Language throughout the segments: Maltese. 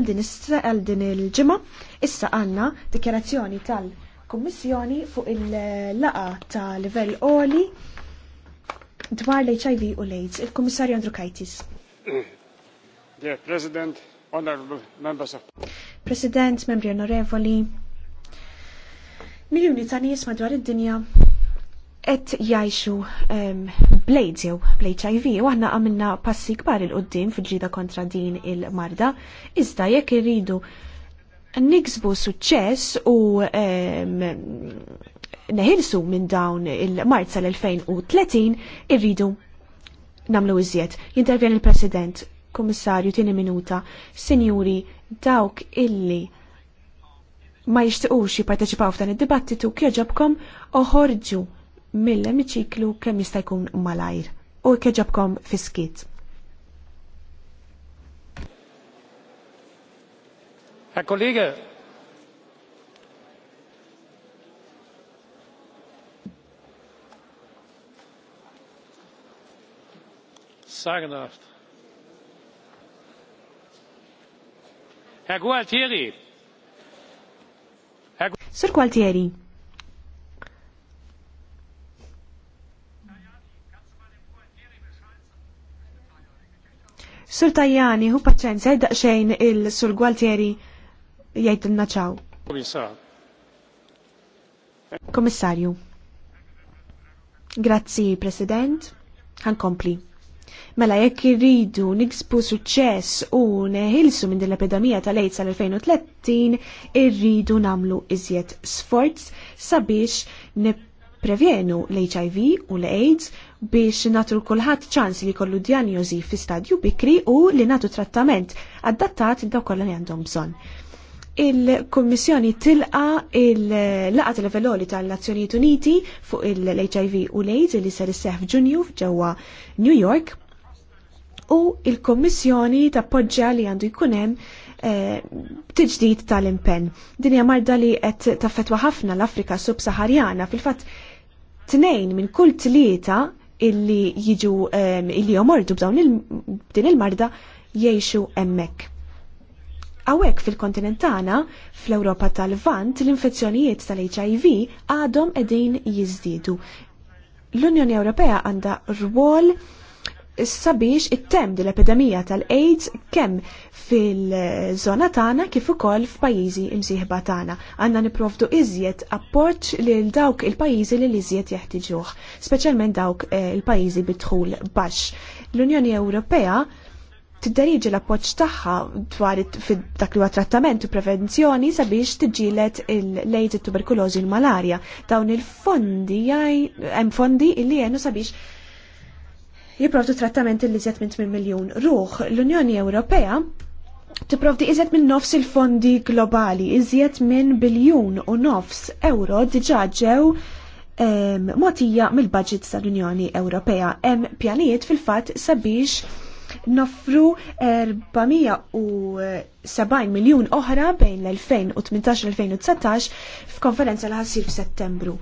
din għal din il-ġimma, issa għanna dikjarazzjoni tal-Kummissjoni fuq il-laqa ta' livell oli dwar l-HIV u l-AIDS, il-Kummissarju Andru Kajtis. Dear President, Honorable Members of President, membri onorevoli, miljoni ta' nies madwar id-dinja et jajxu um, ehm, blades jew bl-HIV u għanna għamilna passi kbar il-qoddim fil-ġida kontra din il-marda, iżda jekk irridu niksbu suċċess u um, neħilsu minn dawn il marza l 2030 irridu namlu iżjed. Jintervjen il-President, Kummissarju, tieni minuta, Sinjuri, dawk illi ma jixtiqux jipparteċipaw f'dan id-dibattitu kieġobkom oħorġu mill-emiċiklu kemm jista' jkun malajr u keġabkom fiskit. Herr Kollege, sagenhaft. Herr Gualtieri. Herr Sir Gualtieri. Sur Tajani, hu paċenza, daqxejn il-Sur Gualtieri jgħidilna ċaw. Komissarju. Grazzi, President. kompli. Mela jekk irridu niksbu suċċess u neħilsu minn din l-epidemija tal-AIDS sal-2030, irridu namlu iżjed sforz sabiex nip Prevenu l-HIV u l-AIDS biex natru kulħadd ċans li kollu dijanjozi fi stadju bikri u li natu trattament adattat da daw kollha li għandhom bżonn. Il-Kommissjoni tilqa il-laqat l-veloli tal-Nazzjonijiet Uniti fuq il-HIV u l-AIDS li ser isseħ f'Ġunju ġewwa New York u il-Kommissjoni tappoġġja li għandu jkun hemm eh, tiġdid tal-impen. Dinja marda li qed taffetwa ħafna l-Afrika subsaharjana fil-fatt tnejn minn kull tlieta illi jiġu illi jomordu b'dawn din il-marda jiexu emmek. Awek fil-kontinent tagħna, fl-Ewropa tal-Vant, l-infezzjonijiet tal-HIV għadhom qegħdin jiżdiedu. L-Unjoni Ewropea għandha rwol issa biex it-tem din l-epidemija tal-AIDS kemm fil-żona tagħna kif ukoll f'pajjiżi imsieħba tagħna. Għandna nipprovdu iżjed appoġġ lil dawk il-pajjiżi li iżjed jeħtiġuh, speċjalment dawk eh, il-pajjiżi bidħul baxx. L-Unjoni Ewropea tiddariġi l-appoġġ tagħha dwar dak li huwa trattament u prevenzjoni sabiex tiġġielet il-lejt it-tuberkulożi u l-malarja. Dawn il-fondi hemm fondi li jenu sabiex jiprovdu trattamenti li iżjed minn 8 miljun ruħ. L-Unjoni Ewropea tipprovdi iżjed minn nofs il-fondi globali, iżjed minn biljun u nofs euro diġaġew ġew motija mill-budget tal-Unjoni Ewropea. Hemm pjanijiet fil-fatt sabiex noffru 470 miljun oħra bejn l-2018 l-2019 f'konferenza l ħassir f'Settembru.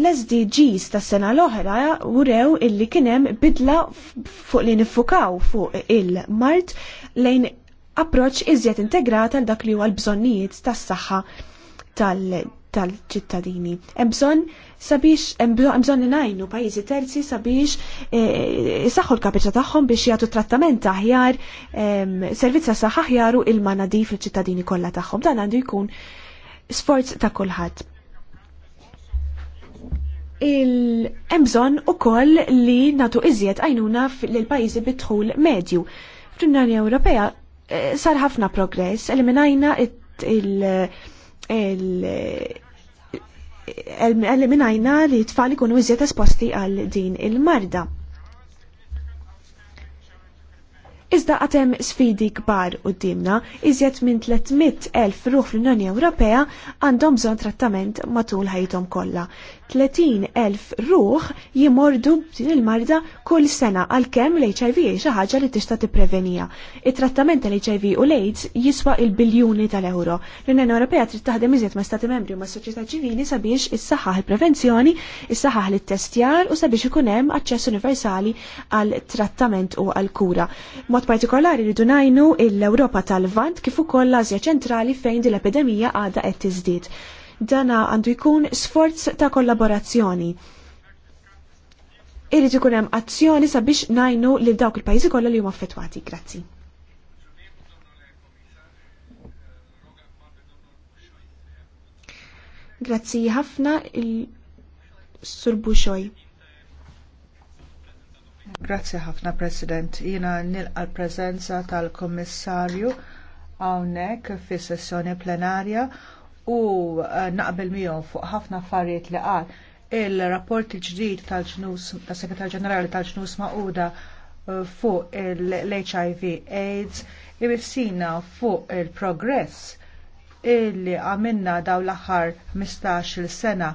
L-SDGs tas sena l-oħra urew illi kienem bidla fuq li nifukaw fuq il-mart lejn approċ iżjed integrata l dak li huwa l-bżonnijiet tas-saħħa tal-ċittadini. Hemm bżonn sabiex hemm bżonn ngħinu pajjiżi terzi sabiex eh, isaħħu l-kapaċità tagħhom biex jagħtu trattament aħjar, ehm, servizz saħħa ħjaru u ilma nadif ċittadini kollha tagħhom. Dan għandu jkun sforz ta' kulħadd il-emżon u koll li natu iżjed għajnuna l-pajizi bitħul medju. Fl-Unjoni Ewropea eh, sar ħafna progress, eliminajna il- eliminajna li tfal ikunu iżjed esposti għal din il-marda. Iżda għatem sfidi kbar u dimna, iżjed minn 300.000 ruħ fl-Unjoni Ewropea għandhom bżon trattament matul ħajtom kollha. 30,000 ruħ jimordu din il-marda kull sena għalkemm l-HIV xi ħaġa li tista' tipprevenija. It-trattament tal-HIV u l-AIDS jiswa il-biljuni tal-euro. L-Unjoni Ewropea trid taħdem iżjed ma' Stati Membri u ma' soċjetà ċivili sabiex issaħħaħ il-prevenzjoni, issaħħaħ l-testjar u sabiex ikun hemm aċċess universali għal trattament u għal kura. Mod partikolari rridu najnu l-Ewropa tal-Vant kif ukoll l-Asja ċentrali fejn din l-epidemija għadha qed tiżdied dana għandu jkun sforz ta' kollaborazzjoni. Irrid ikun hemm azzjoni sabiex najnu lil dawk il-pajjiżi kollha li huma affettwati. Grazzi. Grazzi ħafna il-Sur Buxoj. Grazzi ħafna President. Jiena nilqa l-preżenza tal-Kommissarju hawnhekk fis sessjoni plenarja u eh, naqbel miegħu fuq ħafna affarijiet li qal il-rapport il-ġdid tal-ġnus, tas-Segretar Ġenerali tal-ġnus maquda eh, fuq l-HIV AIDS ibissina fuq il-progress illi għamilna daw l-aħħar 15 sena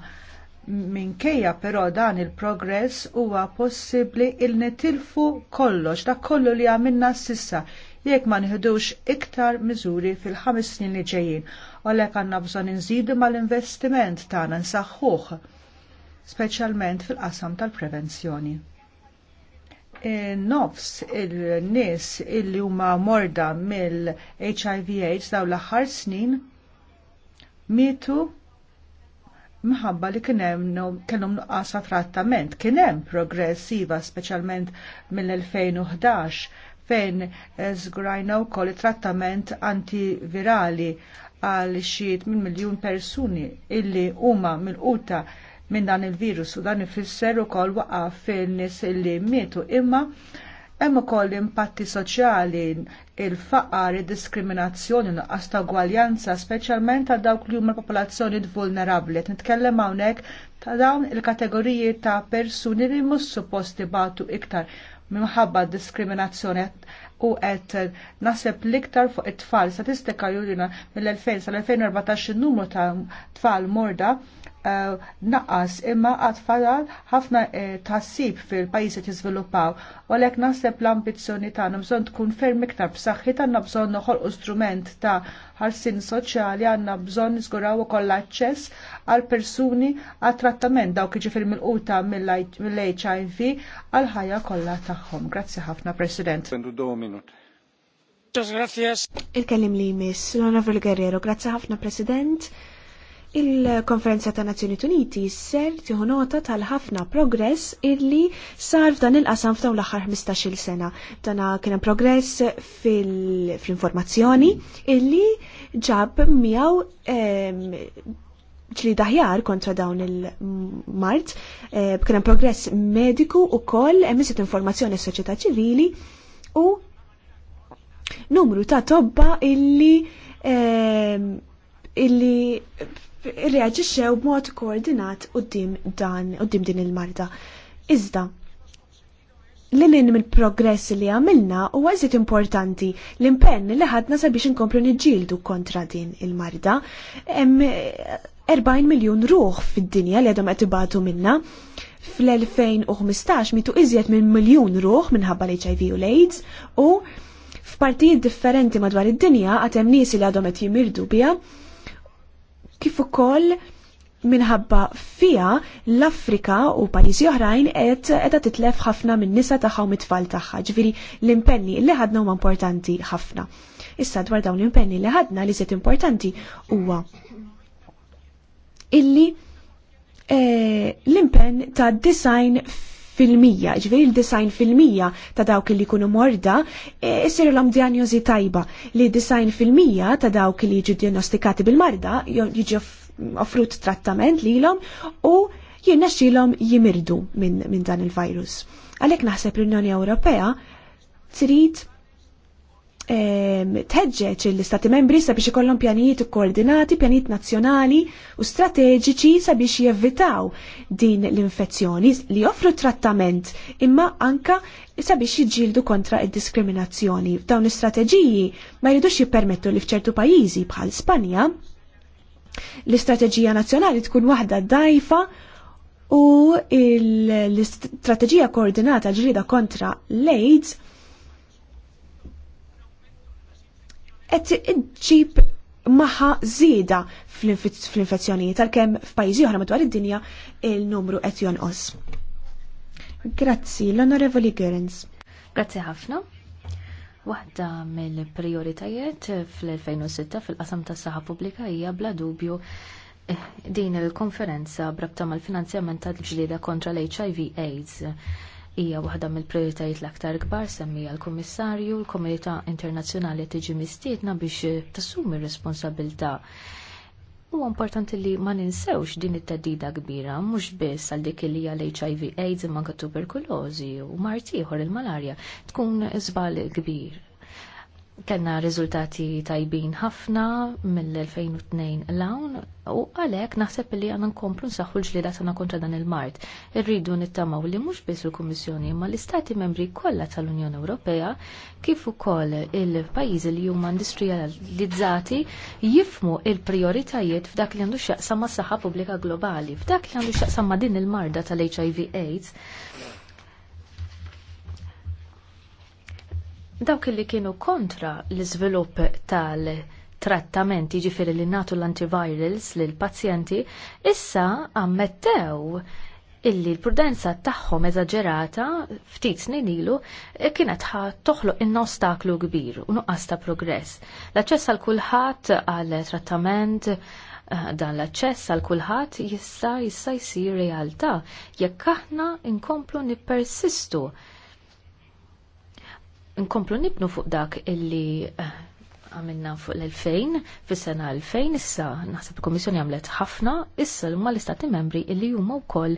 minkejja però dan il-progress huwa possibbli il netilfu kollox dak kollu li għamilna sissa jekk ma nħidux iktar miżuri fil-ħames snin li ġejjin, u għalhekk għandna bżonn inżidu mal-investiment tagħna nsaħħuh, speċjalment fil-qasam tal-prevenzjoni. nofs il-nies illi huma morda mill-HIV AIDS daw l-aħħar snin mitu mħabba li kienem kellhom nuqqasa trattament. Kienem progressiva speċjalment mill-2011 fejn zgrajna eh, wkoll trattament antivirali għal xiet minn miljun persuni illi huma milquta minn dan il-virus u dan ifisser ukoll waqaf fejn nies illi mietu imma hemm ukoll impatti soċjali il-faqar, id-diskriminazzjoni, nuqqas ta' gwaljanza, speċjalment ta' dawk li huma popolazzjoni vulnerabbli. Nitkellem hawnhekk ta' dawn il-kategoriji ta' persuni li mhux supposti batu iktar minħabba diskriminazzjoni u għed nasib liktar fuq it-tfal. Statistika jurina mill-2000 sal-2014 numru ta' tfal morda Eh, naqas imma għad fadal ħafna eh, tassib fil-pajjiżi tiżviluppaw u għalhekk naħseb l-ambizzjoni tagħna bżonn tkun ferm iktar b'saħħi għandna bżonn noħolqu strument ta' ħarsin soċjali għandna bżonn niżguraw ukoll aċċess għal persuni għal trattament dawk fil jiġifieri milquta mill-HIV għal ħajja kollha tagħhom. Grazzi ħafna President. Il-kellim li jmiss, l-Onorevole grazzi ħafna President il-Konferenza ta' Nazzjoni Uniti ser tieħu nota tal-ħafna progress illi sar f'dan il-qasam f'dawn l-aħħar 15-il sena. Tana kien hemm progress fil-informazzjoni illi ġab miegħu ċli ehm, daħjar kontra dawn il-mart, ehm, kien hemm progress mediku ukoll, hemm informazzjoni s-soċjetà ċivili u numru ta' tobba illi ehm, illi reaġixxew b'mod koordinat qudiem dan qudiem din il-marda. Iżda, li lin mill-progress li għamilna u għazit importanti l-impenn li ħadna sabiex inkomplu nġildu kontra din il-marda. 40 miljon ruħ fid-dinja li għadhom qed minna. Fl-2015 mitu iżjed minn miljun ruħ minħabba l-HIV u l-AIDS u f'partijiet differenti madwar id-dinja għatem nisi li għadhom qed jimirdu biha kif ukoll minħabba fija l-Afrika u pajjiżi oħrajn qed qiegħda titlef ħafna min-nisa tagħha u mit-tfal tagħha. Ġifieri l-impenni li ħadna huma importanti ħafna. Issa dwar dawn l-impenni li ħadna li siet importanti huwa illi eh, l-impenn ta' design fil-mija, ġveri il-design fil-mija ta' dawk li kunu morda, jessir l-om tajba li design fil-mija ta' dawk li ġu diagnostikati bil-marda, jiġu offrut trattament li l-om u jirna xilom jimirdu minn min dan il-virus. Għalek naħseb l-Unjoni Ewropea trid Ehm, tħeġġeġ l-istati membri sabiex ikollhom pjanijiet koordinati, pjanijiet nazzjonali u strateġiċi sabiex jevitaw din l-infezzjoni li joffru trattament imma anka sabiex jiġġieldu kontra id-diskriminazzjoni. Dawn l-istrateġiji ma jridux jippermettu li f'ċertu pajjiżi bħal Spanja l-istrateġija nazzjonali tkun waħda dajfa u l-istrateġija koordinata ġrida kontra l-AIDS qed iġġib maħa żieda fl-infezzjonijiet għalkemm f'pajjiżi oħra madwar id-dinja il-numru qed jonqos. Grazzi, l-Onorevoli Gerens. Grazzi ħafna. Waħda mill-prioritajiet fl-2006 fil-qasam tas saħħa pubblika hija bla dubju eh, din il-konferenza brabta mal-finanzjament tal-ġlieda kontra l-HIV AIDS hija waħda mill prijoritajiet l-aktar kbar semmija l-Kummissarju l-Komunità Internazzjonali tiġi mistiedna biex eh, tassumi r-responsabilità. Huwa importanti li ma ninsewx din it-teddida kbira mhux biss għal dik li hija l-HIV AIDS imma tuberkulożi u mart ieħor il-malarja tkun żball kbir Kellna riżultati tajbin ħafna mill-2002 lawn u għalek naħseb li għanna nkomplu nsaħħu l-ġlida tagħna kontra dan il-mart. Irridu nittamaw li mhux biss il-Kummissjoni imma l-Istati membri kollha tal-Unjoni Ewropea kif ukoll il-pajjiżi li huma industrializzati jifmu il-prioritajiet f'dak li għandu x'jaqsam mas-saħħa pubblika globali, f'dak li għandu x'jaqsam ma' din il-marda tal-HIV AIDS Dawk li kienu kontra l-iżvilupp tal-trattament jiġifieri li natu l-antivirals l pazjenti issa ammettew illi l-prudenza tagħhom eżaġerata ftit snin ilu kienet toħloq in ostaklu kbir u nuqqas ta' progress. L-aċċess għal kulħadd għal trattament eh, dan l-aċċess għal kulħadd jista' jista' jsir realtà jekk aħna nkomplu nippersistu nkomplu nibnu fuq dak illi eh, għamilna fuq l-2000, fis sena 2000, issa naħseb il-Komissjoni għamlet ħafna, issa l-umma l-istati membri illi jumma u koll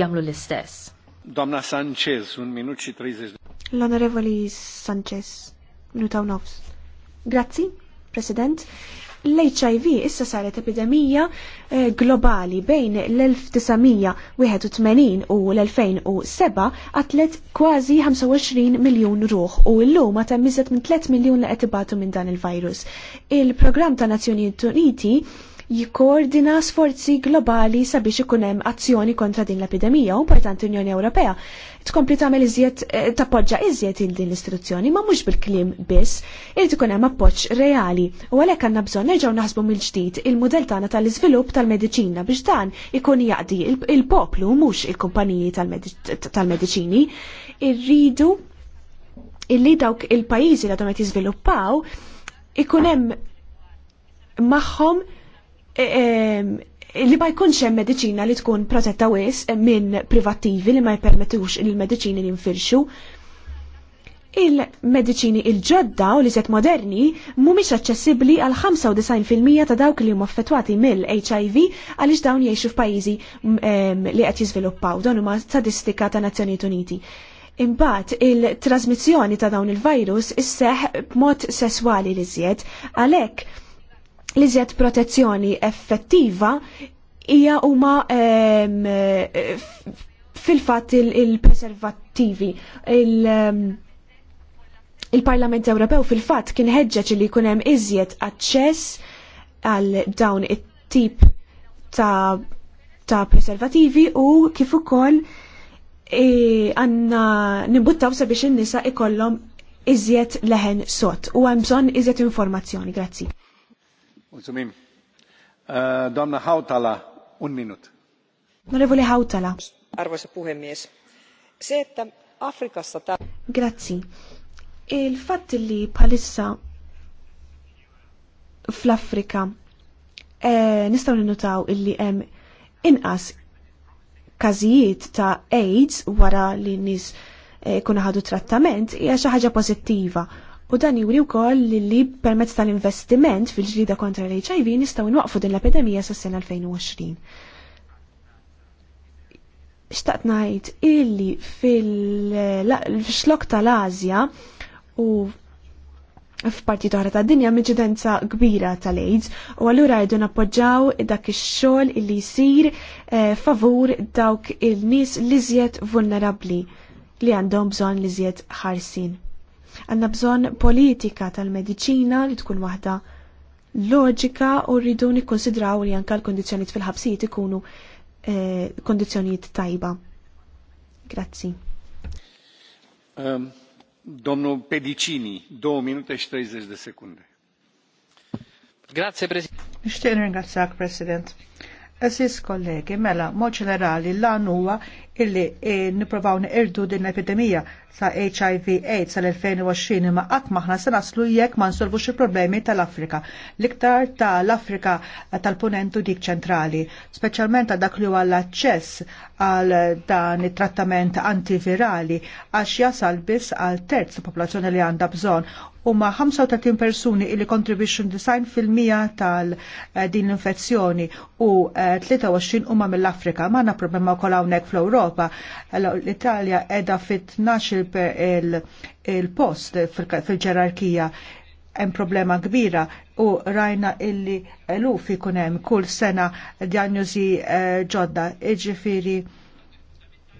jamlu l-istess. Domna Sanchez, un minut xi L-Onorevoli Sanchez, minuta u nofs. Grazzi, President l-HIV issa saret epidemija eh, globali bejn l-1981 u l-2007 għatlet kważi 25 miljon ruħ u l-lum għatem mizet minn 3 miljon l għetibatu minn dan il-virus. Il-program ta' Nazzjonijiet Uniti jikkoordina sforzi globali sabiex ikun hemm azzjoni kontra din l-epidemija u partant l-Unjoni Ewropea tkompli tagħmel iżjed eh, tappoġġa iżjed il din l-istruzzjoni, ma mhux bil-kliem biss, irid ikun hemm appoġġ reali u għalhekk għandna bżonn nerġgħu naħsbu mill-ġdid il-mudell tagħna tal-iżvilupp tal-mediċina biex dan ikun jaqdi il-poplu mhux il-kumpaniji tal-mediċini. Irridu illi dawk il-pajjiżi li għadhom qed jiżviluppaw ikun hemm magħhom eh, eh, li ma jkunx hemm mediċina li tkun protetta wis minn privattivi li ma jpermettux il-mediċini li nfirxu. Il-mediċini il-ġodda u li set moderni mhumiex aċċessibbli għal 95% ta' dawk li huma affettwati mill-HIV għaliex dawn jgħixu f'pajjiżi li qed jiżviluppaw dawn huma statistika ta' Nazzjonijiet Uniti. Imbagħad il-trasmissjoni ta' dawn il-virus isseħ b'mod sesswali li żjed għalhekk li zjed protezzjoni effettiva hija huma fil-fatt il-preservattivi. Il, Il-Parlament Ewropew fil-fatt kien ħeġġeġ li jkun hemm iżjed aċċess għal dawn it-tip ta' ta' preservativi u kif ukoll e, għanna nimbuttaw sabiex in-nisa ikollhom iżjed leħen sot u hemm bżonn iżjed informazzjoni. Grazzi. Uh, Donna Hautala, un minut. Onorevole Hautala. Arvoisa puhemies. Se, että Afrikassa... Grazzi. Il-fatt li palissa fl-Afrika e, nistaw ninnotaw illi hemm inqas każijiet ta' AIDS wara li nies e, eh, kuna ħadu trattament hija xi ħaġa pożittiva U dan juri wkoll li li permezz tal-investiment fil-ġlida kontra l-HIV nistgħu nwaqfu din l-epidemija sas-sena 2020. Xtaqt ngħid illi fil-xlok tal azja u f'parti oħra tad-dinja miġidenza kbira tal-AIDS u allura rridu nappoġġaw dak ix-xogħol illi jsir eh, favur dawk il-nies li iżjed vulnerabbli li għandhom bżonn li zjed ħarsin. Għanna bżon politika tal-medicina li tkun waħda loġika u rridu nikkonsidraw li anka l-kondizjoniet fil-ħabsijiet ikunu eh, kondizjoniet tajba. Grazzi. Um, Domnu Pedicini, 2 minuti e 30 de sekunde. Grazie, Presidente. Nishtiq ringrazzak, President. Esis kollegi, mela, mod ġenerali l għanuwa huwa illi eh, niprofaw nirdu din l-epidemija sa' HIV AIDS sal-2020 ma' qatt maħna se naslu jekk ma' nsolvux il-problemi tal-Afrika. L-iktar tal-Afrika tal-punentu dik ċentrali, speċjalment dak li huwa l-aċċess għal dan it-trattament antivirali għax jasal biss għal terz popolazzjoni li għandha bżonn ma' 35 persuni illi contribution design fil-mija tal-din eh, l-infezzjoni u 23 eh, huma mill-Afrika. Ma għandna problema wkoll hawnhekk fl-Ewropa ewropa L-Italja edha fit-12 il-post fil-ġerarkija hemm problema kbira u rajna illi eluf ikun hemm kull sena diagnosi eh, ġodda. Iġifieri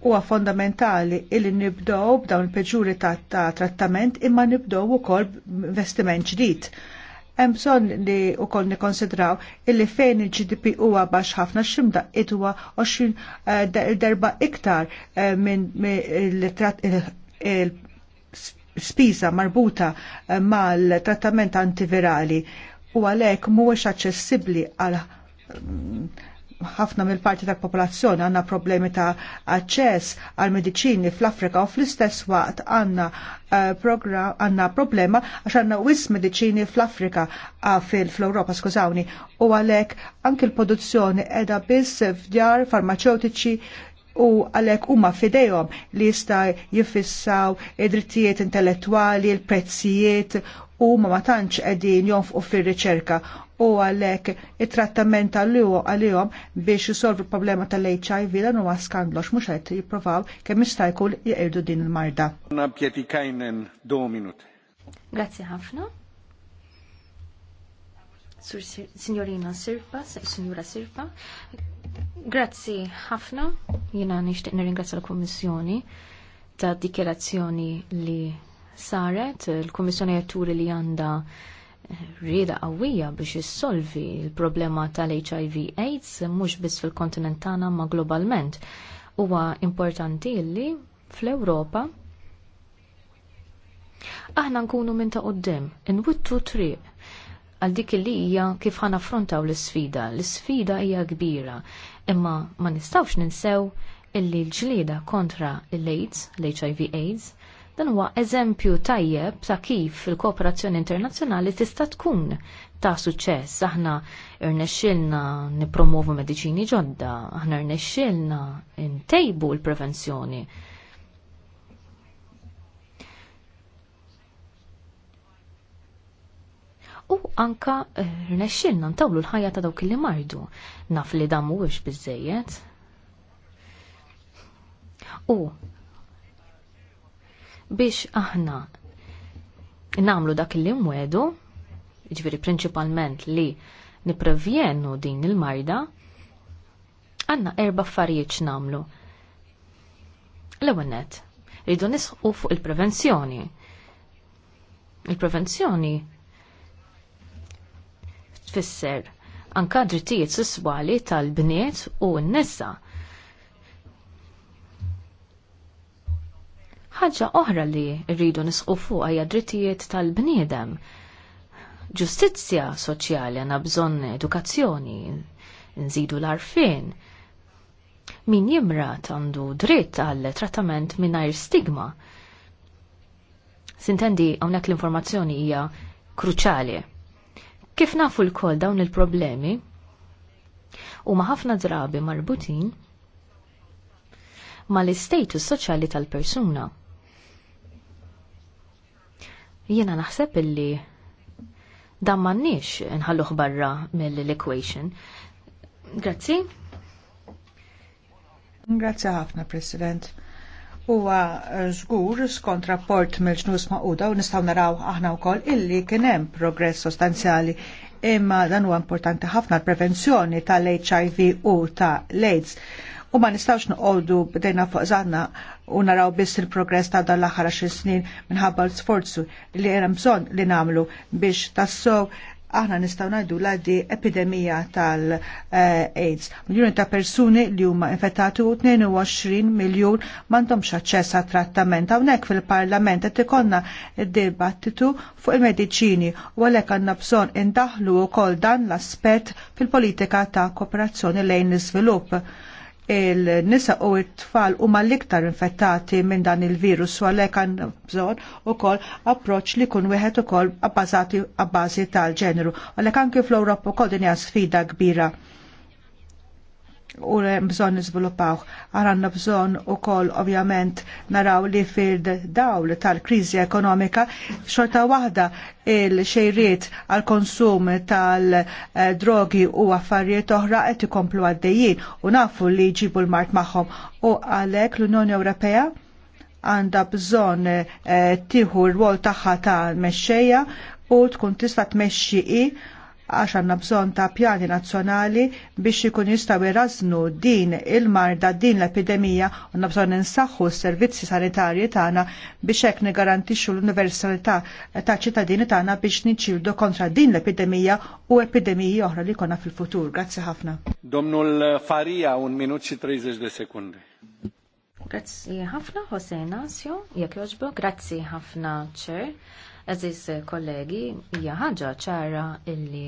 huwa fondamentali illi nibdew b'dawn il-peġuri ta' trattament imma nibdew ukoll investiment ġdid hemm bżonn li wkoll nikkonsidraw illi fejn il-GDP huwa baxx ħafna x'imda huwa 20 eh, darba iktar eh, minn il-spiża marbuta eh, mal-trattament antivirali u għalhekk mhuwiex aċċessibbli għal mm, ħafna mill-parti ta' popolazzjoni għandna problemi ta' aċċess għal mediċini fl-Afrika u fl-istess waqt għandna eh, għandna problema għax għandna wis mediċini fl-Afrika ah, fil-Europa, skużawni, u għalhekk anke l-produzzjoni qiegħda biss f'djar farmaceutiċi u għalek huma fidejhom li jista' jiffissaw id-drittijiet intellettwali, il-prezzijiet u ma matanċ tantx qegħdin u fir-riċerka u għalek il trattament għal għalihom biex jisolvu problema tal-HIV dan huwa skandlox mhux qed jippruvaw kemm jista' jkun jgħidu din il-marda. Grazzi ħafna. Signorina Sirpa, Signora Sirpa. Grazzi ħafna. Jiena nixtieq nirringrazzja l-Kummissjoni ta' dikjerazzjoni li saret, l kummissjoni jatturi li għanda rieda qawwija biex issolvi l problema tal-HIV AIDS mhux biss fil-kontinent tagħna ma globalment. Huwa importanti li fl-Ewropa aħna nkunu minn ta' quddiem, inwittu triq għal dik li hija kif ħanaffrontaw affrontaw l-sfida. L-sfida hija kbira, imma ma nistawx ninsew illi l-ġlieda kontra l-AIDS, l-HIV AIDS, Dan huwa eżempju tajjeb ta' kif il-kooperazzjoni internazzjonali tista' tkun ta' suċċess. Aħna irnexxilna nippromovu mediċini ġodda, aħna rnexxilna ntejbu l-prevenzjoni. U anka rnexxilna ntawlu l-ħajja ta' dawk li mardu. Naf li dan mhuwiex biżejjed. U biex aħna namlu dak li mwedu, ġviri principalment li niprevjenu din il-marda, għanna erba affarijiet namlu. L-ewenet, rridu nisħu fuq il-prevenzjoni. Il-prevenzjoni tfisser anka drittijiet sessuali tal-bniet u n-nisa Ħaġa oħra li rridu nisqu fuq hija drittijiet tal-bniedem. Ġustizzja soċjali għandha bżonn edukazzjoni, nżidu l-arfin. Min jimrat għandu dritt għal trattament mingħajr stigma. Sintendi hawnhekk l-informazzjoni hija kruċali. Kif nafu l koll dawn il-problemi u ħafna drabi marbutin ma l-istatus soċjali tal-persuna. Jiena naħseb illi dan m'għandniex nħalluh barra mill-equation. Grazzi. Grazzi ħafna, President. Huwa eh, żgur skont rapport mill-ġnus maquda u nistgħu naraw aħna wkoll illi kien hemm progress sostanzjali imma dan huwa importanti ħafna l-prevenzjoni tal-HIV u ta' aids u ma nistawx noqogħdu bdejna fuq żanna u naraw biss il-progress ta' dan l-aħħar xi snin minħabba l-sforzu li hemm bżonn li nagħmlu biex tassew aħna nistgħu ngħidu l epidemija tal-AIDS. Miljoni ta' persuni li huma infettati u 22 miljun m'għandhomx aċċess għat trattament. Hawnhekk fil-Parlament qed ikollna dibattitu fuq il-mediċini u għalhekk għandna bżonn indaħlu wkoll dan l-aspett fil-politika ta' kooperazzjoni lejn l-iżvilupp il-nisa u it-tfal u mal-iktar infettati minn dan il-virus u għalek għan bżon u kol approċ li kun wieħed u kol għabbazati għabbazi tal-ġeneru. Għalek anki fl-Europa kol dinja sfida kbira u bżon nizviluppaw. Għaranna bżon u ukoll ovjament naraw li fil-dawl tal-krizi ekonomika xorta wahda il-xejriet għal-konsum tal-drogi u affarijiet oħra qed ikomplu għaddejjin u nafu li jġibu l-mart magħhom u għalhekk l-Unjoni Ewropea għandha bżonn eh, tieħu r-rwol tagħha ta' mexxejja u tkun tista' tmexxi għax għanna bżon ta' pjani nazzjonali biex ikun jistaw iraznu din il-marda, din l-epidemija, għanna bżon nsaxħu s-servizzi sanitarji tagħna biex hekk nigarantixxu l-universalità ta' ċittadini tagħna biex niċċieldu kontra din l-epidemija u epidemiji oħra li konna fil-futur. Grazzi ħafna. l Farija un minut xi 30 de sekundi. Grazzi ħafna, Jose Nasio, jekk joġbo, grazzi ħafna, ċer. Eżis kollegi, hija ħaġa ċara illi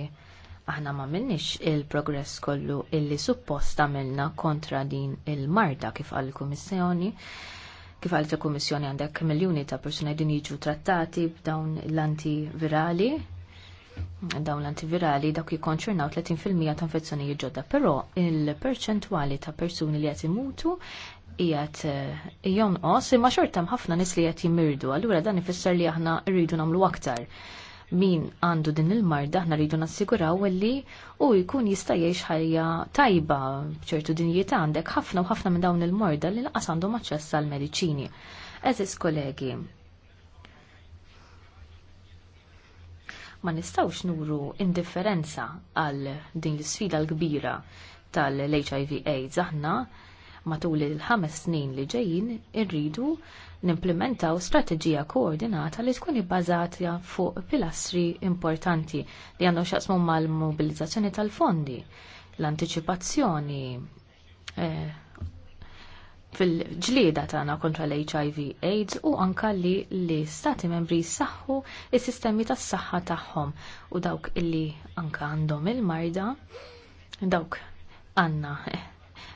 aħna ma minnix il-progress kollu illi suppost għamilna kontra din il-marda kif għal kummissjoni kif għal kummissjoni għandek miljoni ta' persuna din jiġu trattati b'dawn l-antivirali dawn l-antivirali dak jikonċernaw 30% ta' infezzjoni ġodda, però il-perċentwali ta' persuni li qed imutu qiegħed eh, jonqos imma xortam ħafna nis li qed jimirdu, allura dan ifisser li aħna rridu nagħmlu aktar. Min għandu din il-marda aħna rridu nassiguraw li u jkun jista' jgħix ħajja tajba b'ċertu dinjiet għandek ħafna u ħafna minn dawn il-morda li laqas għandhom aċċess għal mediċini. Eżis kollegi, ma nistawx nuru indifferenza għal din l-sfida l-kbira tal-HIV AIDS aħna Matul il-ħames snin li ġejjin irridu nimplementaw strateġija koordinata li tkun ibbażata fuq pilastri importanti li għandhom xaqsmu mal-mobilizzazzjoni tal-fondi, l antiċipazzjoni eh, fil-ġlieda tagħna kontra l-HIV AIDS u anka li l-istati membri saħħu is-sistemi tas-saħħa tagħhom u dawk illi anka għandhom il-marda dawk għandna eh,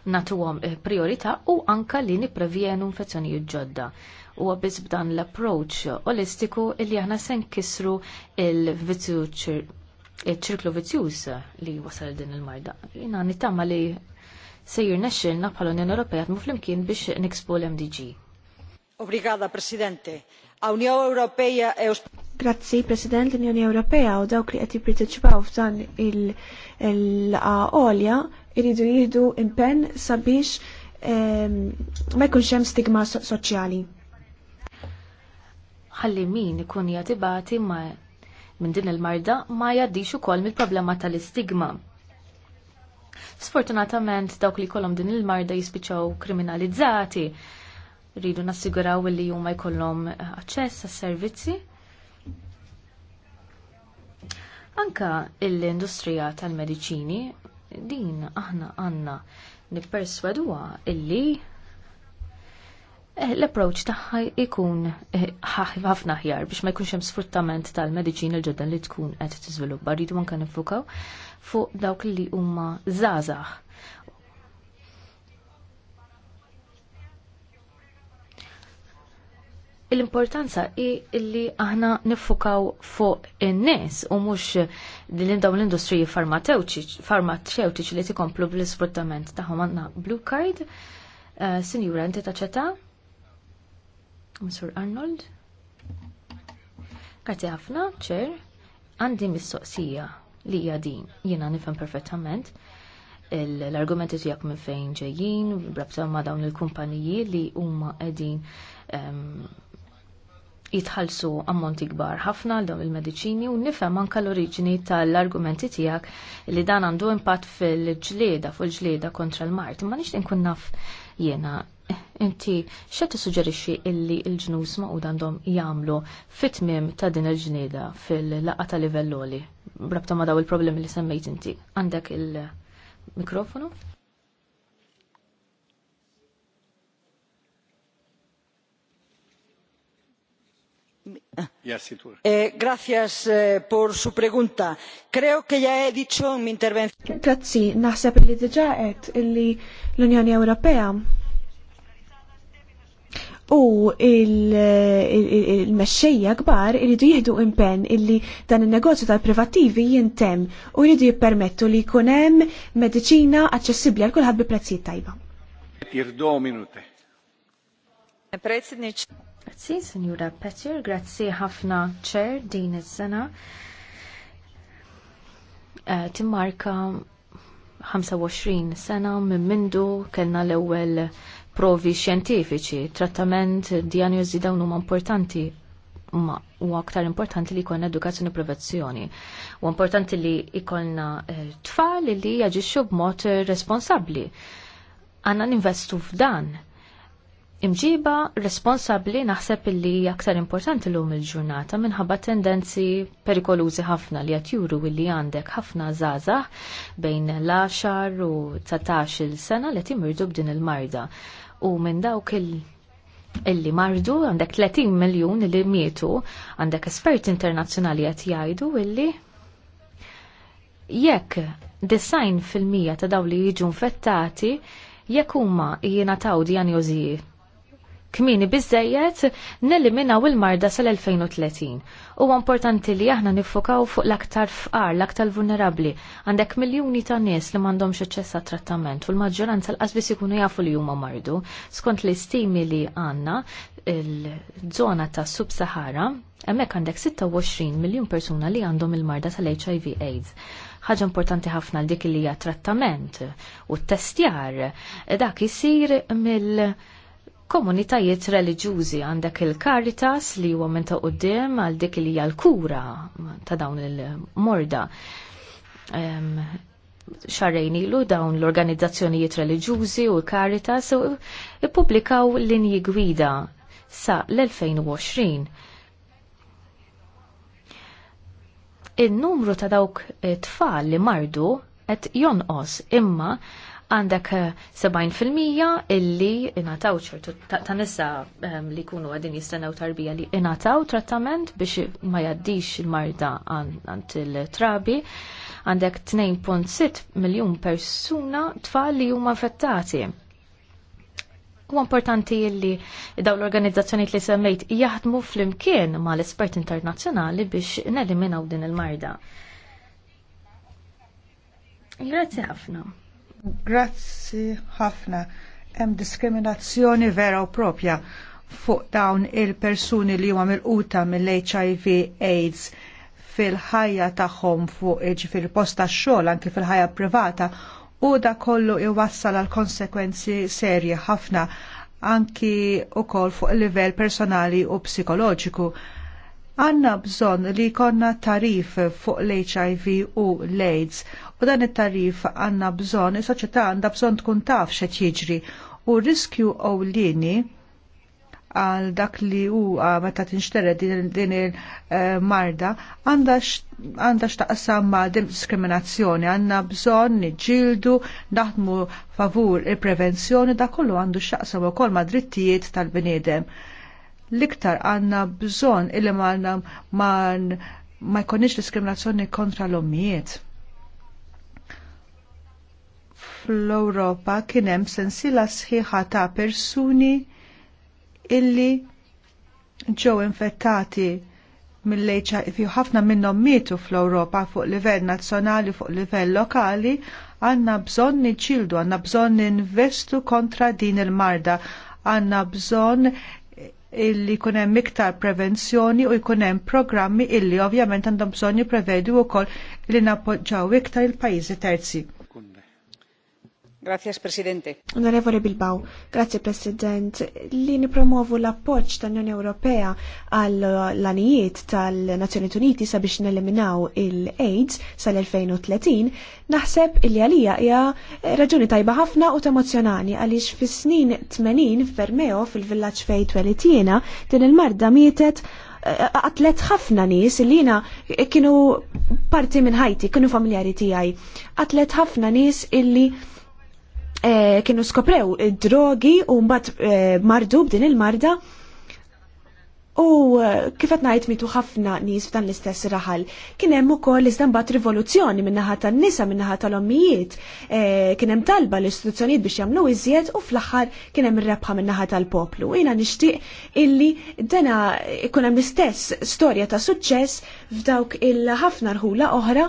natuwom eh, priorità u anka li niprevjenu infezzjonijiet ġodda. U biss b'dan l-approċ olistiku li aħna se nkissru il-ċirklu vizzjus li wasal din il-marda. Jina nittama li sejjir nexxilna bħala Unjoni Ewropea tmu flimkien biex niksbu l-MDG. Obrigada, Presidente. A Unjoni Ewropea e Grazzi, President, l-Unjoni Ewropea u dawk li qed jipparteċipaw f'dan il-olja iridu jihdu impenn sabiex ehm, ma jkunx hemm stigma soċjali. Ħalli min ikun jagħtibati ma minn din il-marda ma jgħaddix ukoll mill-problema tal-istigma. Sfortunatament dawk li kolom din il-marda jispiċċaw kriminalizzati rridu nassiguraw li huma jkollhom aċċess għas-servizzi. Anka l-industrija tal-mediċini din aħna għandna nipperswaduha illi eh, l approach tagħha ikun eh, ħafna ħjar biex ma jkunx hemm sfruttament tal mediċin il ġodda li tkun qed tiżviluppa. Rridu anke nifukaw fuq dawk li huma żgħażagħ l-importanza hi li aħna niffukaw fuq in-nies u mhux din dawn l-industriji farmaceutiċi li tikomplu bl-isfruttament tagħhom għandna blue card. Eh, Sinjura, inti taċċetta? Msur Arnold? Grazie ħafna, ċer. Għandi mistoqsija li hija din jiena nifhem perfettament l-argumenti tiegħek minn fejn ġejjin, brabta ma' dawn il-kumpaniji li huma qegħdin ehm, jitħallsu ammonti kbar ħafna għal dawn il-mediċini u nifhem anke l-oriġini tal-argumenti tiegħek li dan għandu impatt fil-ġlieda fuq il-ġlieda kontra l-mart. Ma nixtieq nkun naf jiena inti xa tissuġġerixxi illi l-ġnus maqud għandhom jagħmlu fit-tmiem ta' din il-ġnieda fil-laqgħa ta' livell oli rabta ma' daw il-problemi li semmejt inti. Għandek il-mikrofonu? Eh, gracias eh, por su pregunta. Creo que ya he dicho en mi intervención. Grazzi, naħseb li diġa qed illi l-Unjoni Ewropea u il-mexxejja kbar iridu jieħdu impenn illi dan in-negozju tal-privattivi jintemm u jridu jippermettu li jkun hemm mediċina aċċessibbli għal kulħadd bi prezzijiet tajba. Grazie, Signora Petir, grazzi ħafna ċer din is-sena. Eh, timmarka 25 sena minn mindu kellna l-ewwel provi xjentifiċi, trattament, diagnosi dawn huma importanti ma u aktar importanti li jkollna edukazzjoni u prevenzjoni. U importanti li jkollna eh, tfal li jaġixxu b'mod eh, responsabbli. Għanna ninvestu f'dan imġiba responsabli naħseb illi aktar importanti l-lum il-ġurnata minħabba tendenzi perikolużi ħafna li juru illi għandek ħafna zazah bejn l-10 u 19 il-sena li timirdu b'din il-marda. U minn dawk il- illi mardu għandek 30 miljon li mietu għandek esperti internazzjonali qed jgħidu illi jekk design fil-mija ta' daw li jiġu infettati jekk huma jingħataw dijanjożijiet kmini bizzejiet neliminaw il-marda sal-2030. Huwa importanti li aħna nifokaw fuq l-aktar fqar, l-aktar vulnerabli. Għandek miljoni ta' nies li m'għandhomx xeċessa trattament u l-maġġoranza l-qasbis ikunu jafu li huma mardu. Skont l-istimi li għandna il-żona ta' Sub-Sahara, hemmhekk għandek 26 miljun persuna li għandhom il-marda tal-HIV AIDS ħaġa importanti ħafna l dik li hija trattament u t-testjar dak isir mill- komunitajiet reliġjużi għandek il-Karitas li huwa minn ta' qudiem għal dik li hija l-kura ta' dawn il-morda. Um, xarrejn ilu dawn l-organizzazzjonijiet reliġjużi u l-Karitas ippubblikaw linji gwida sa l-2020. Il-numru ta' dawk it eh, tfal li mardu qed jonqos imma għandek 70% eh, illi inataw ċertu ta' nisa ehm, li kunu għadin jistennaw tarbija li inataw trattament biex ma jaddix il-marda għant il-trabi għandek 2.6 miljon persuna tfal li huma affettati. U importanti illi daw l organizzazzjoni li semmejt jaħdmu fl-imkien ma l-espert internazzjonali biex neliminaw din il-marda. Grazie ħafna. Grazzi ħafna. Hemm diskriminazzjoni vera u propja fuq dawn il-persuni li huma milquta mill-HIV AIDS fil-ħajja tagħhom fuq post posta xogħol anki fil-ħajja privata u da kollu iwassal għal konsekwenzi serji ħafna anki ukoll fuq il livell personali u psikoloġiku Għanna bżon li konna tarif fuq l-HIV u l-AIDS u dan it-tarif għanna bżon, il-soċieta għanda bżon tkun taf xet jiġri u riskju ewlieni għal dak li u meta tinxteret din il-marda għandha xtaqsam ma' diskriminazzjoni għandna bżonn niġġieldu naħdmu favur il-prevenzjoni da kollu għandu xtaqsam ukoll ma' drittijiet tal-bniedem l-iktar għanna bżon illi ma, ma jkonniex diskriminazzjoni kontra l-ommijiet fl-Ewropa kien hemm sħiħa ta' persuni illi ġew infettati mill-HIV ħafna minnhom mietu fl-Ewropa fuq livell nazzjonali fuq livell lokali għandna bżonn niċildu, għandna bżonn ninvestu kontra din il-marda, għandna bżonn illi jkun hemm iktar prevenzjoni u jkun hemm programmi illi ovvjament għandhom bżonn jipprevedu wkoll li nappoġġaw iktar il-pajjiżi terzi. Grazie, Presidente. Onorevole Bilbao, grazie President. Li nipromovu l-appoċ tal-Unjoni Ewropea għall-anijiet tal-Nazzjoni Uniti sabiex neliminaw il-AIDS sal-2030, naħseb li għalija hija raġuni tajba ħafna u emozjonani għaliex fis-snin 80 f-fermeo fil-villaġġ fej twelitiena din il-marda mietet eh, atlet ħafna nies li jina kienu parti minn ħajti, kienu familjari tiegħi. Atlet ħafna nies illi Eh, kienu skoprew id drogi u mbagħad eh, mardu b'din il-marda U eh, kifet ngħid mitu ħafna nies f'dan l-istess raħal. Kien hemm ukoll iżda mbagħad rivoluzzjoni min-naħa tan-nisa min-naħa tal-ommijiet. kien hemm talba l-istituzzjonijiet biex jagħmlu iżjed u fl-aħħar kien hemm ir-rebħa min-naħa tal-poplu. Jiena nixtieq illi dana ikun hemm l-istess storja ta' suċċess f'dawk il-ħafna rħula oħra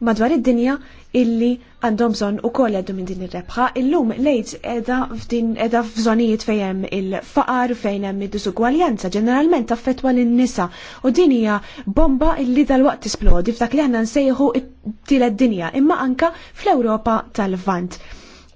madwar id-dinja illi għandhom bżonn ukoll għaddu minn din ir-rebħa. Illum lejt edha f'din edha f'zonijiet fejn hemm il-faqar fejn hemm id-disugwaljanza ġeneralment taffetwa lin-nisa u din hija bomba illi waqt tisplodi f'dak li għanna nsejħu it-tielet dinja imma anka fl-Ewropa tal-Vant.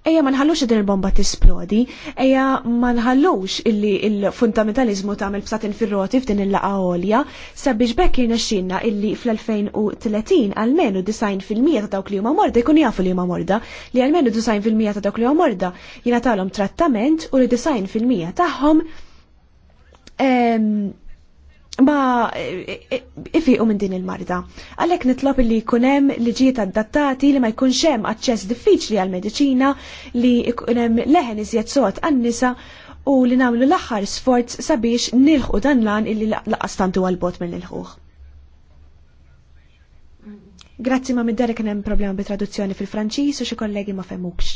Eja ma nħallux id bomba tisplodi, eja ma nħallux illi il-fundamentalizmu tagħmel bsatin fir-roti f'din il-laqa għolja, sabiex bekk jirnexxinna illi fl-2030 għalmenu 90% ta' dawk li huma morda jkun jafu li huma morda, li għalmenu 90% ta' dawk li huma morda jingħatalhom trattament u li 90% tagħhom ma ifiqu minn din il-marda. Għalek nitlob li kunem liġijiet adattati li ma jkunx hemm aċċess diffiċli għal-mediċina li kunem leħen iżjed sot għan-nisa u li namlu l-aħħar sforz sabiex nilħu dan lan illi laqastantu għal-bot minn il-ħuħ. Grazzi ma mid-derek hemm problema bi traduzzjoni fil-Franċiż u xi kollegi ma femmux.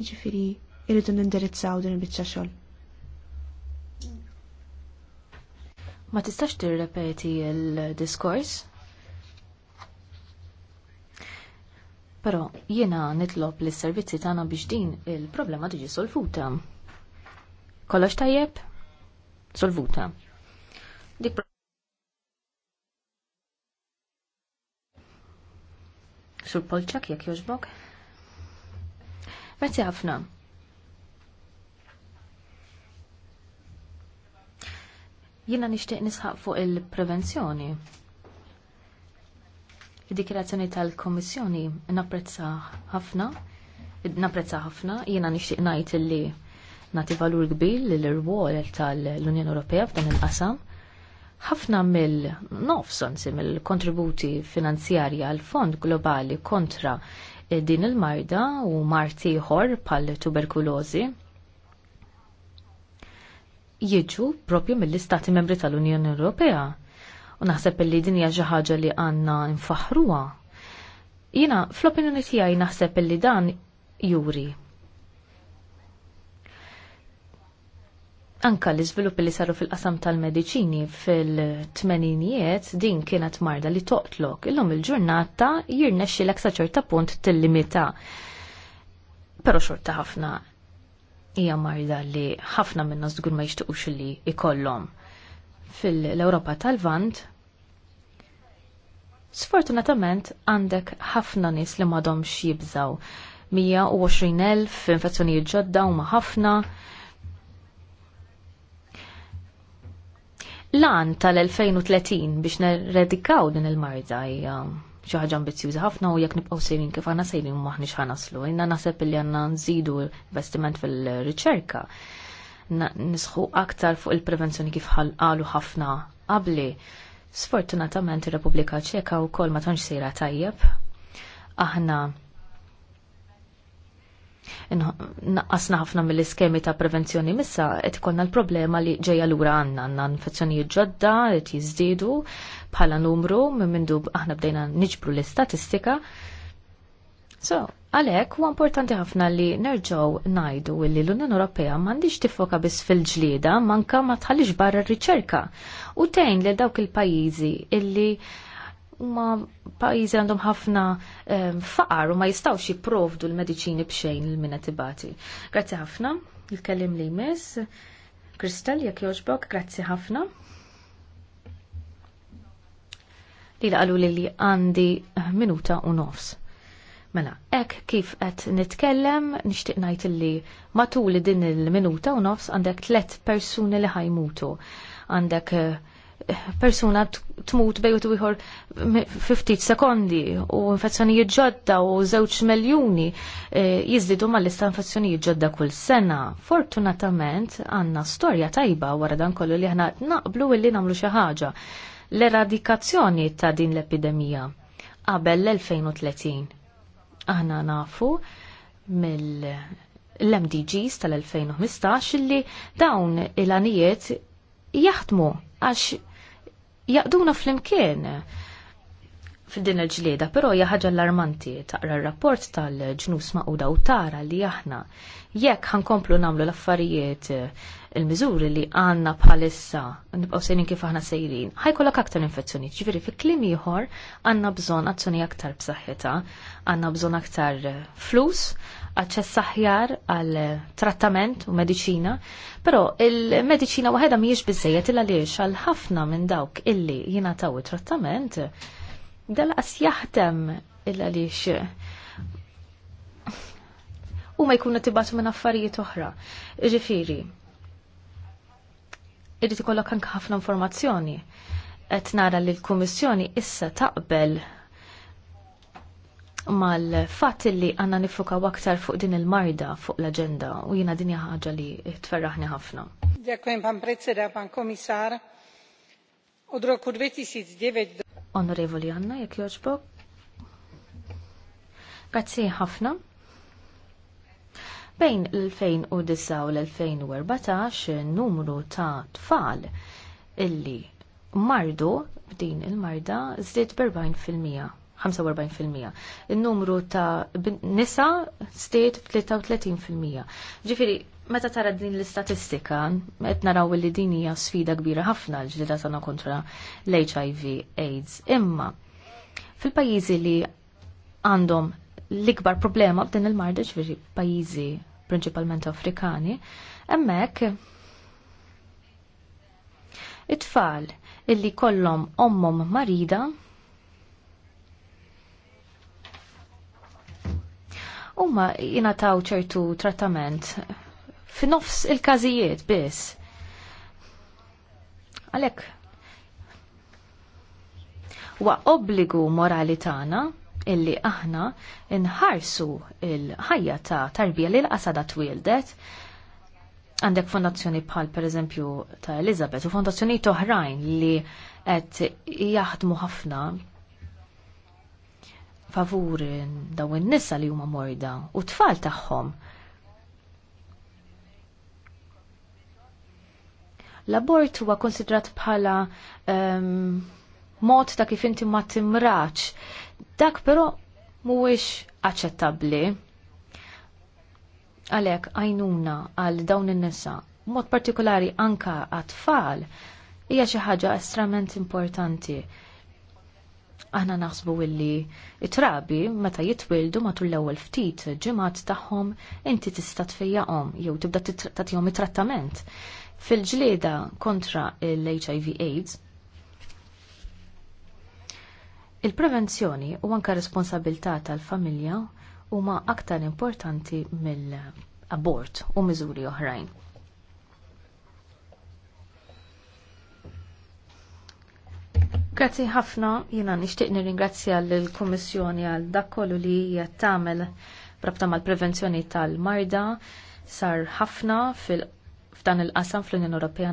Ġifieri irridu nindirizzaw din il-biċċa xogħol. Ma tistax tirrepeti l-diskors? Però jiena nitlob lis servizzi tagħna biex din il-problema tiġi solvuta. Kollox tajjeb? Solvuta. Dik Sur polċak jekk jogħġbok? Grazzi ħafna. Jiena nixtieq nisħaq fuq il-prevenzjoni. Id-dikirazzjoni tal komissjoni napprezza ħafna, napprezza ħafna, jiena nixtieq ngħid illi nagħti valur kbir lill rwol tal-Unjoni Ewropea f'dan il-qasam. Ħafna mill nofsons mill-kontributi finanzjarja għal fond globali kontra eh, din il-marda u martiħor pal tuberkulozi jiġu propju mill-Istati Membri tal-Unjoni Ewropea. U naħseb li din hija xi ħaġa li għandna nfaħruha. Jiena fl-opinjoni tiegħi naħseb li dan juri. Anka l-iżvilupp li saru fil-qasam tal-mediċini fil-tmeninijiet din kienet marda li toqtlok. Illum il-ġurnata jirnexxi l-ek ċerta punt tillimita. Però xorta ħafna hija marda li ħafna minna żgur ma jixtiqux li ikollhom. Fil-Ewropa tal-Vant, sfortunatament għandek ħafna nies li m'għadhomx jibżaw. 120.000 infezzjonijiet ġodda huma ħafna. Lan tal-2030 biex neredikaw din il-marda hija xi ħaġa ambizjuża ħafna u jekk nibqgħu sejrin kif għandna sejrin maħniex ħanaslu. Inna naħseb li għandna nżidu investiment fil-riċerka. Nisħu aktar fuq il-prevenzjoni kif qalu ħafna qabli. Sfortunatament ir-Repubblika Ċeka wkoll ma tantx sejra tajjeb. Aħna naqqasna ħafna mill-iskemi ta' prevenzjoni missa qed ikollna l-problema li ġejja lura għandna għandna infezzjonijiet ġodda qed jiżdiedu bħala numru minn aħna bdejna niġbru l-istatistika. So, Għalek, u importanti ħafna li nerġaw najdu li l-Unjoni Ewropea m'għandix tifoka biss fil-ġlieda, manka ma tħallix barra r-riċerka. U tejn li dawk il-pajjiżi illi huma pajjiżi għandhom ħafna ehm, faqar u ma jistgħux jipprovdu l-mediċini b'xejn il minna tibati. Grazzi ħafna, il-kellim li jmiss. Kristal, jekk jogħġbok, grazzi ħafna. Li qalu li li għandi eh, minuta u nofs. Mela, ek kif qed nitkellem, nixtieq ngħid li matul din il-minuta u nofs għandek tlet persuni li ħajmutu. Għandek uh, persuna tmut bej u ieħor 50 sekondi u infezzjonijiet ġodda u żewġ miljuni eh, jiżdidu mal-lista infezzjonijiet ġodda kull sena. Fortunatament għandna storja tajba wara dan kollu li aħna naqblu illi nagħmlu xi ħaġa l-eradikazzjoni ta' din l-epidemija qabel l-2030. Aħna nafu mill-MDGs tal-2015 li dawn il-anijiet jaħdmu għax jaqduna flimkien fil-din il-ġlieda, però hija ħaġa allarmanti taqra r-rapport tal-ġnus maquda u tara li aħna jekk ħankomplu nagħmlu l-affarijiet il-miżuri li għanna bħalissa nibqgħu sejrin kif aħna sejrin, ħajkollok aktar infezzjoni. Ġifieri fi klim ieħor għandna bżonn azzjoni aktar b'saħħitha, għandna bżonn aktar eh, flus, aċċess aħjar għal eh, trattament u mediċina, però il-mediċina waħedha mhijiex biżejjed illa għaliex għal ħafna minn dawk illi jingħataw it-trattament dal-qas jaħdem il għaliex eh, u ma jkunu tibatu minn affarijiet oħra. Ġifiri, irrid ikollok anke ħafna informazzjoni. Qed nara li l-Kummissjoni issa taqbel mal-fatt li għanna nifuka aktar fuq din il-marda fuq l-agenda u jina dinja ħaġa li tferraħni ħafna. Dekwen pan prezzera pan komisar. Odro kurveti sit devet. Onorevoli Anna, jek joġbok. Grazie ħafna. Bejn l-2009 u l-2014 numru ta' tfal illi mardu b'din il-marda żdied fil 45%. Il-numru ta' nisa stiet b'33%. Ġifiri, meta tara din l-istatistika, qed naraw li din hija sfida kbira ħafna l-ġlida tagħna kontra l-HIV AIDS. Imma fil-pajjiżi li għandhom l-ikbar problema b'din il-marda ġifiri pajjiżi prinċipalment Afrikani, emmek it-tfal illi kollom ommom marida huma jinataw ċertu trattament f'nofs il-każijiet biss. Għalhekk huwa obbligu morali tagħna illi aħna nħarsu il-ħajja ta' tarbija li l-qasada twildet għandek fondazzjoni bħal per eżempju ta' Elizabeth u fondazzjoni toħrajn li qed jaħdmu ħafna favur daw in-nisa li huma morda u tfal tagħhom. L-abort huwa konsidrat bħala um, mod ta' kif inti ma timraċ. Dak però mhuwiex aċċettabbli. Għalhekk għajnuna għal dawn in-nisa, mod partikolari anka għat-tfal, hija xi ħaġa estrament importanti. Aħna naħsbu illi it-trabi meta jitwildu matul l-ewwel ftit ġimgħat tagħhom inti tista' tfejjaqhom jew tibda tagħtihom it-trattament. Fil-ġlieda kontra l-HIV AIDS, Il-prevenzjoni u anka responsabilità tal-familja huma aktar importanti mill-abort u miżuri oħrajn. Grazzi ħafna, jiena nixtieq nirringrazzja lill kummissjoni għal dak li hija tagħmel rabta mal-prevenzjoni tal-marda sar ħafna f'dan il-qasam fl-Unjoni Ewropea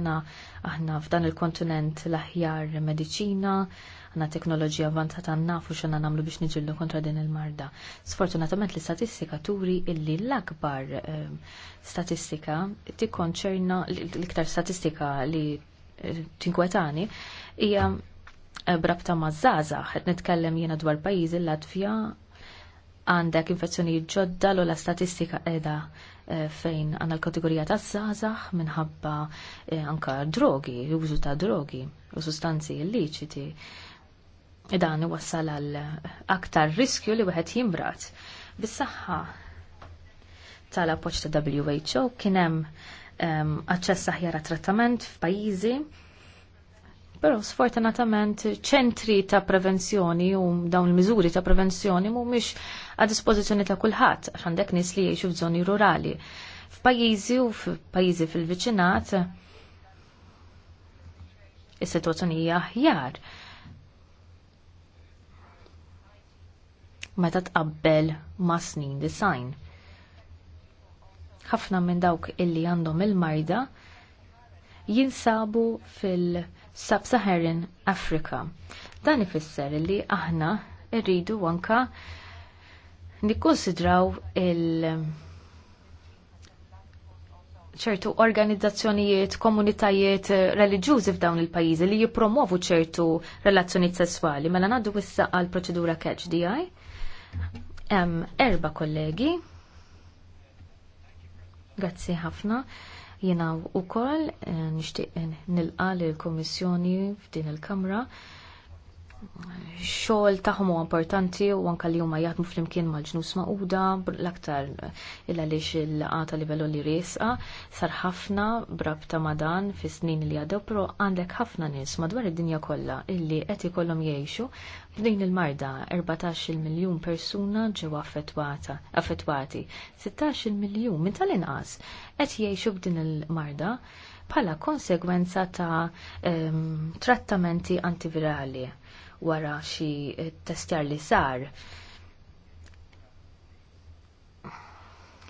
aħna f'dan il-kontinent l-aħjar mediċina, għandna teknoloġija avvantata nafu xena nagħmlu biex niġillu kontra din il-marda. Sfortunatament l-istatistika turi illi l-akbar ehm, statistika tikkonċerna l-iktar statistika li eh, tinkwetani hija eh, brabta mażaza, qed nitkellem jiena dwar pajjiżi l-Latvja għandek infezzjonijiet ġodda l-ola statistika edha eh, fejn għanna l-kategorija ta' zazax minħabba anka drogi, użu ta' drogi u sustanzi illiċiti dan wassal għal aktar riskju li wieħed jimbrat. Bis-saħħa tal-appoġġ ta' WHO kien hemm um, aċċess aħjar trattament f'pajjiżi Però sfortunatament ċentri ta' prevenzjoni u dawn il-miżuri ta' prevenzjoni mhumiex għad dispożizzjoni ta' kulħadd għax għandek nies li jgħixu f'żoni rurali. F'pajjiżi u f'pajjiżi fil-viċinat is-sitwazzjoni hija aħjar meta tqabbel ma' snin design. Ħafna minn dawk illi għandhom il-marda jinsabu fil-Sub-Saharan Africa. Dan ifisser li aħna rridu anka nikkonsidraw il- ċertu organizzazzjonijiet, komunitajiet eh, reliġjużi f'dawn il-pajjiżi li jippromovu ċertu relazzjonijiet sesswali. Mela ngħaddu issa għal proċedura catch DI. Hemm erba' kollegi. Grazzi ħafna. Jiena wkoll eh, nixtieq eh, nilqa' lill-Kummissjoni f'din il-Kamra xogħol tagħhom huwa importanti u anke li huma jaħdmu flimkien mal-ġnus maquda l-aktar illa għaliex il-laqgħa ta' livellu li riesqa sar ħafna brabta ma' dan fis-snin li għaddew pro għandek ħafna nies madwar id-dinja kollha illi qed ikollhom jgħixu f'din il-marda 14 miljun persuna ġew affettwata affettwati. 16 miljun minn tal-inqas qed jgħixu b'din il-marda bħala konsegwenza ta' um, trattamenti antivirali wara xi testjar li sar.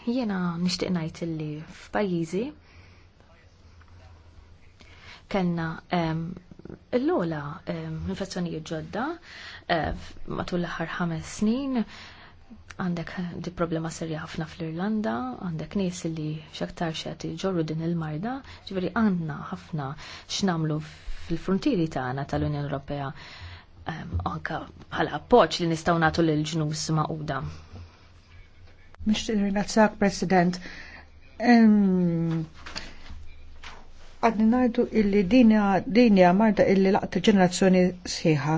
Jiena nixtieq ngħid illi f'pajjiżi kellna ehm, l-ola ehm, infezzjonijiet ġodda ehm, matul l-aħħar ħames snin għandek di problema serja ħafna fl-Irlanda, għandek nies li xaktar xed ġorru din il-marda, ġveri għandna ħafna x'namlu fil-frontieri tagħna tal-Unjoni Ewropea anka bħala appoġġ li nistgħu nagħtu lil ġnus maquda. Nixtieq ringrazzjak President. Għadni ngħidu illi dinja marda illi laqt ġenerazzjoni sħiħa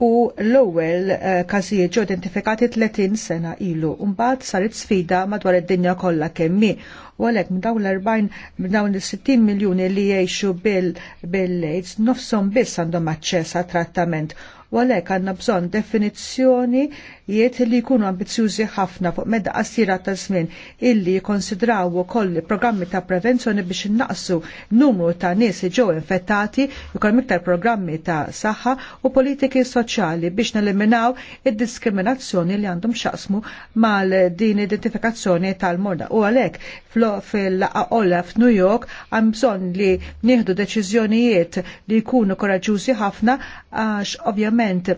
u l-ewwel eh, każijiet ġew identifikati 30 sena ilu. Mbagħad saret sfida madwar id-dinja kollha kemm mi. U għalhekk minn dawn l-40 minn dawn is-60 miljuni li jgħixu bil-AIDS nofshom biss għandhom aċċess għat trattament u għalhekk għandna bżonn definizzjoni jiet li jkunu ambizjużi ħafna fuq medda qasira ta' żmien illi jikkonsidraw ukoll programmi ta' prevenzjoni biex innaqsu numru ta' nies ġew infettati, ukoll iktar programmi ta' saħħa u politiki soċjali biex neliminaw id-diskriminazzjoni li għandhom xaqsmu mal din identifikazzjoni tal-morda. U għalhekk fil-laqa Ola f'New York għam bżonn li nieħdu deċiżjonijiet li jkunu koraġużi ħafna għax ovvjament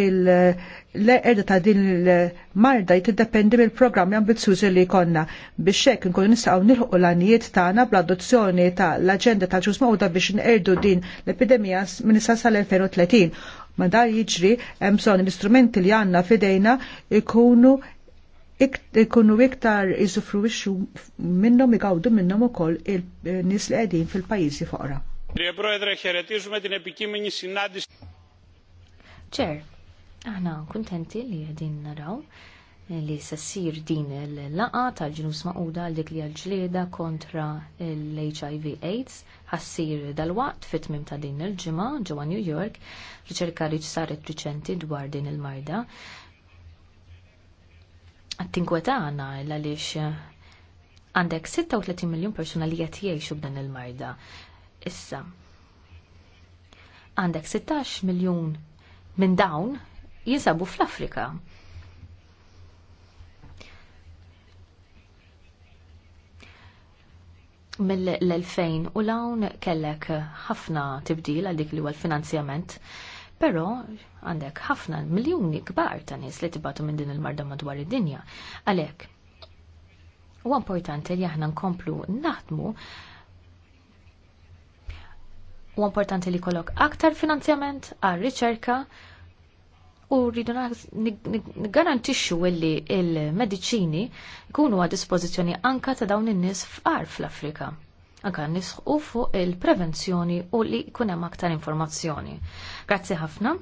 il- l-erda ta' din l marda jtiddependi mill-programmi ambizjużi li konna biex hekk nkunu nistgħu nilħu l-għanijiet tagħna bl-adozzjoni ta' l-aġenda ta' ġus mawda biex nerdu din l-epidemija minn issa sal-2030. Ma da jiġri hemm bżonn l-istrumenti li għandna f'idejna ikunu ikunu iktar jisufruwixxu minnhom igawdu minnhom ukoll il-nies li qegħdin fil-pajjiżi foqra. Ċer, Aħna kuntenti li għedin naraw li sassir din l-laqa tal-ġnus maquda għal dik li għal-ġlieda kontra l-HIV AIDS ħassir dal-waqt fit ta' din il-ġimgħa ġewwa New York riċerka li ċsaret riċenti dwar din il-marda. Attinkwetana għaliex għandek 36 miljon persuna li qed jgħixu b'dan il-marda. Issa, għandek 16 miljun minn dawn jinsabu fl-Afrika. mill-2000 u lawn kellek ħafna tibdil għal dik li huwa l-finanzjament, però għandek ħafna miljuni kbar ta' nies li tibatu minn din il-marda madwar id-dinja. Għalhekk huwa importanti li aħna nkomplu naħdmu u importanti li jkollok aktar finanzjament għal riċerka u rridu niggarantixxu illi il-mediċini jkunu għad dispożizzjoni anka ta' dawn in-nies f'qar fl-Afrika. Anka nisħu fuq il-prevenzjoni u li jkun hemm aktar informazzjoni. Grazzi ħafna.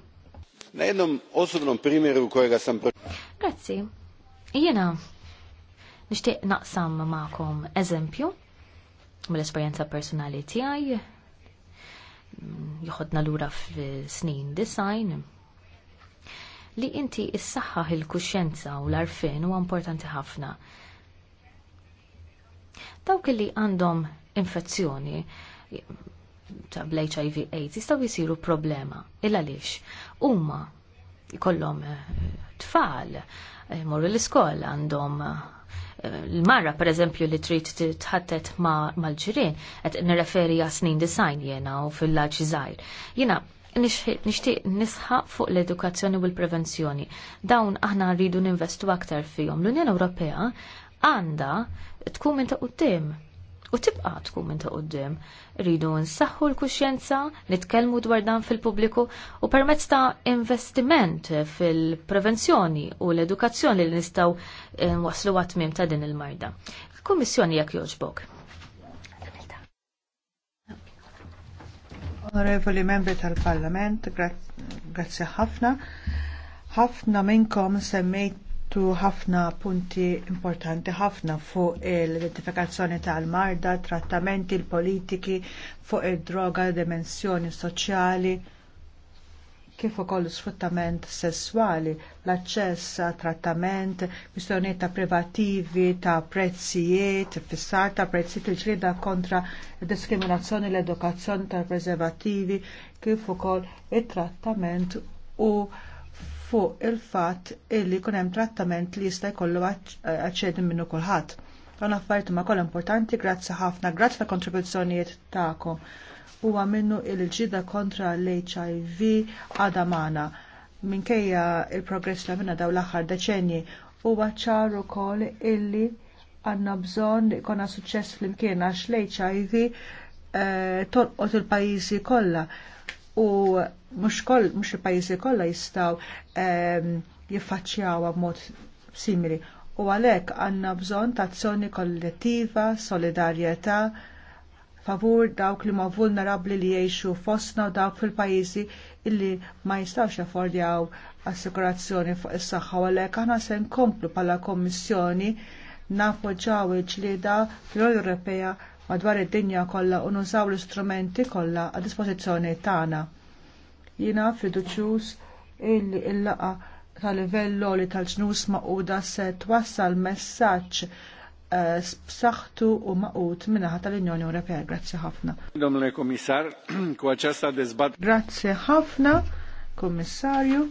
osobnom primjeru Grazzi. Jena, nishtiq naqsam ma'kom eżempju mill-esperjenza personali tiegħi mm, joħodna lura snin design li inti issaħħaħ il-kuxjenza u l-arfin huwa importanti ħafna. Dawk li għandhom infezzjoni ta' hiv AIDS jistaw jisiru problema. Illa lix, umma kollom eh, tfal, eh, morru l-iskola għandhom eh, l-marra per eżempju li trid tħattet mal-ġirien, qed nirreferi għas snin design jena u fil laċi żgħir. Jiena nixtieq nisħaq fuq l-edukazzjoni u l-prevenzjoni. Dawn aħna rridu ninvestu aktar fihom. L-Unjoni Ewropea għandha tkun minn ta' quddiem u tibqa tkun minn ta' quddiem. Rridu nsaħħu l-kuxjenza, nitkellmu dwar dan fil-pubbliku u permezz ta' investiment fil-prevenzjoni u l-edukazzjoni li nistgħu eh, waslu tmiem ta' din il-marda. Il-Kummissjoni jekk jogħġbok Onorevoli membri tal-Parlament, grazzi ħafna. Ħafna minnkom semmejtu ħafna punti importanti ħafna fuq l-identifikazzjoni tal-marda, trattamenti, l-politiki, fuq id-droga, dimensjoni soċjali kif ukoll sfruttament sesswali, l-aċċess għat trattament, kwistjonijiet ta' privattivi, ta' prezzijiet, fissar ta' prezzijiet il ġlieda kontra diskriminazzjoni l-edukazzjoni tal preservattivi, kif ukoll it-trattament u fuq il-fatt illi jkun hemm trattament li jista' jkollu aċċedi minnu kulħadd. Dan affarijiet ma kollha importanti, grazzi ħafna, grazzi tal kontribuzzjonijiet tagħkom huwa minnu il-ġida kontra l-HIV għada Minkejja il-progress li minna daw l-aħħar deċenji huwa ċar ukoll illi għandna bżonn suċess suċċess flimkien għax l-HIV eh, tolqot il-pajjiżi kollha u mhux kol, mux il-pajjiżi kollha jistgħu eh, jiffaċċjawha b'mod simili. U għalhekk għandna bżonn ta' azzjoni kollettiva, solidarjetà, favur dawk li ma vulnerabbli li jgħixu fostna u dawk fil-pajjiżi illi ma jistawx jaffordjaw assikurazzjoni fuq is-saħħa għalhekk aħna se nkomplu bħala Kommissjoni nappoġġaw il-ġlieda fl-Unjoni Ewropea madwar id-dinja kollha u nużaw l-istrumenti kollha għad dispożizzjoni tagħna. Jiena fiduċjuż illi l-laqa tal-livell li tal-ġnus maquda se twassal messaġġ b'saħħtu u maqut minnaħa tal-Unjoni Ewropea. Grazzi ħafna. Domnule Komissar, kwa ċasta dezbat. Grazzi ħafna, Komissarju.